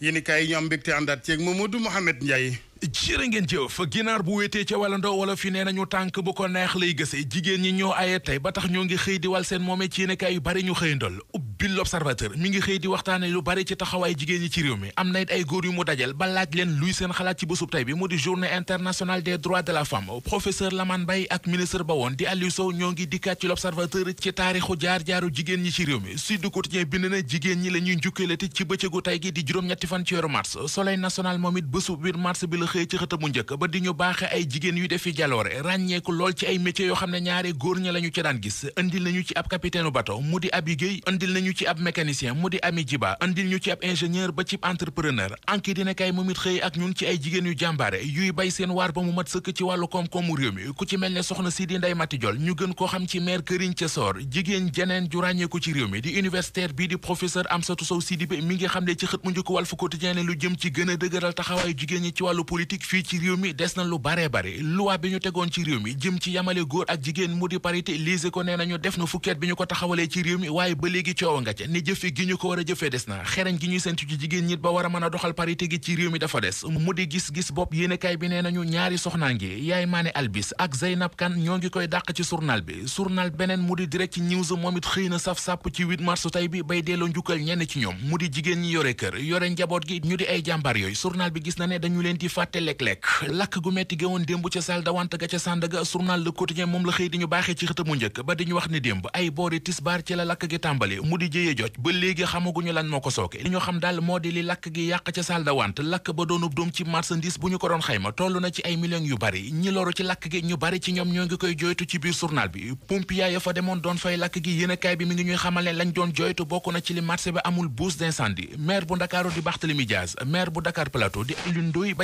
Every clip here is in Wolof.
yéen kaay yi ñu am mbégte àndaat ceeg Mamadou Mouhamed Ndiaye. jërë ngeen jëf ginaar bu wéetee ca wàllandoo wala fi nee nañu tànk bu ko neex lay gëse jigéen ñi ñoo aye tey ba tax ñoo ngi xëy diwal wal seen moomee ci yéen kaay yu bari ñu xëyandol bi l'observateur mi ngi xëy di waxtaane lu bari ci taxawaay jigéen ñi ci réew mi am na it ay góor yu mu dajal ba leen luy seen xalaat ci bésub tey bi mu di journée internationale des droits de la femme professeur Lamane Baye ak ministre ba woon di Aliou ñoo ngi dikkaat ci l'observateur ci taarixu jaar-jaaru jigéen ñi ci réew mi Sud Quotidien bind na jigéen ñi la ñuy njukkalati ci bëccëgu tey gi di juróom-ñetti fan ci weeru mars Soleil national moom it bésub 8 mars bi la xëy ci xët yoo xam ne ñaari góor ñi la ñu ci daan gis indil nañu ci ab capitaine bateau mu di ñu ci ab mécanicien mu di Ami Jiba andil ñu ci ab ingénieur ba ci entrepreneur anki dina kay moom xëy ak ñun ci ay jigéen yu jàmbaare yuy bay seen waar ba mu mat sëkk ci wàllu koom-koomu réew mi ku ci mel ne soxna si di Ndey Mati Jol ñu gën koo xam ci maire Këriñ ca Soor jigéen jeneen ju ci réew mi di universitaire bii di professeur Amsatou Sow Sidibé mi ngi xam ne ci xët mu njëkk Walf Quotidien ne lu jëm ci gën a dëgëral taxawaayu jigéen taxaw nga ca ne jëfe gi ñu ko war a jëfee des na xereñ gi ñuy sentu ci jigéen ñit ba war a mën a doxal parité gi ci réew mi dafa des mu di gis-gis bopp yéenekaay bi nee nañu ñaari soxnaa ngi yaay maane albis ak Zeynab ñoo ngi koy dàq ci journal bi journal beneen mu di direct news moom it xëy na saf-sàpp ci 8 mars tey bi bay delloo njukkal ñenn ci ñoom mu di jigéen ñi yore kër yore njaboot gi ñu di ay jàmbaar yooyu journal bi gis na ne dañu muy jëye joj ba léegi xamaguñu lan moo ko sooke li ñu xam daal moo di li lakk gi yàq ca salle de lakk ba doonub doom ci marchandise bu ñu ko doon xayma toll na ci ay millions yu bari ñi loru ci lakk gi ñu bari ci ñoom ñoo ngi koy joytu ci biir journal bi pompier fa demoon doon fay lakk gi yéenekaay bi mi ngi ñuy xamal ne doon joytu bokk na ci li marché ba amul bouse d'incendie maire bu Ndakaaru di Barthélémy maire bu Dakar Plateau di Alioune Ndoye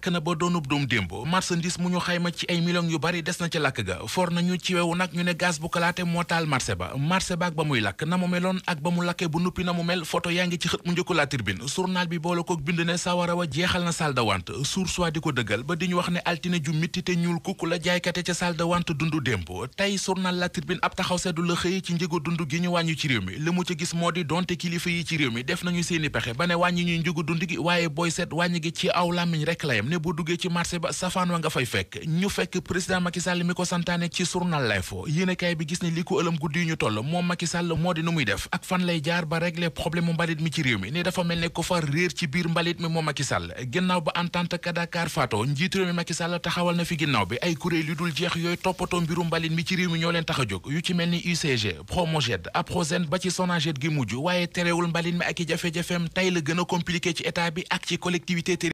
lakk na ba doonub doom démb marchandise mu ñu xayma ci ay yu bari des na ca lakk ga for nañu ci wewu nag ñu ne gaz bu kalaate moo taal marché ba marché ba ba muy lakk na mu meloon ak ba mu lakkee bu nuppi na mu mel photo yaa ngi ci xët mu njëkku la tribune journal bi boole ko bind ne sawara wa jeexal na salle de vente di ko dëggal ba di ñu wax ne altine ju mitti te ñuul kukk la jaaykate ca salle de dundu démb tey journal la tribune ab taxaw seddu la xëy ci njëgu dund gi ñu wàññi ci réew mi li mu ca gis moo di donte kilifa yi ci réew mi def nañu seeni pexe ba ne wàññi ñuy njëgu dund gi waaye booy seet wàññi gi ci aw làmmiñ rek la yem ne bu duggee ci marché ba safaan wa nga fay fekk ñu fekk président Macky Sall mi ko santaane ci journal L'Info yéenekaay bi gis ne li ko ëlëm guddi ñu toll moom Macky Sall moo di nu muy def ak fan lay jaar ba régler problème mu mbalit mi ci réew mi ne dafa mel ne ko fa réer ci biir mbalit mi moom Macky Sall ginnaaw ba entente Kadakar Fato njiitu réew mi Macky taxawal na fi ginnaaw bi ay kuréel yu dul jeex yooyu toppatoo mbiru mbalit mi ci réew mi ñoo leen tax a jóg yu ci mel ni UCG Promoged Aprosen ci Sonaged gi mujj waaye terewul mbalit mi ak i jafe tey la gën a compliqué ci état bi ak ci collectivité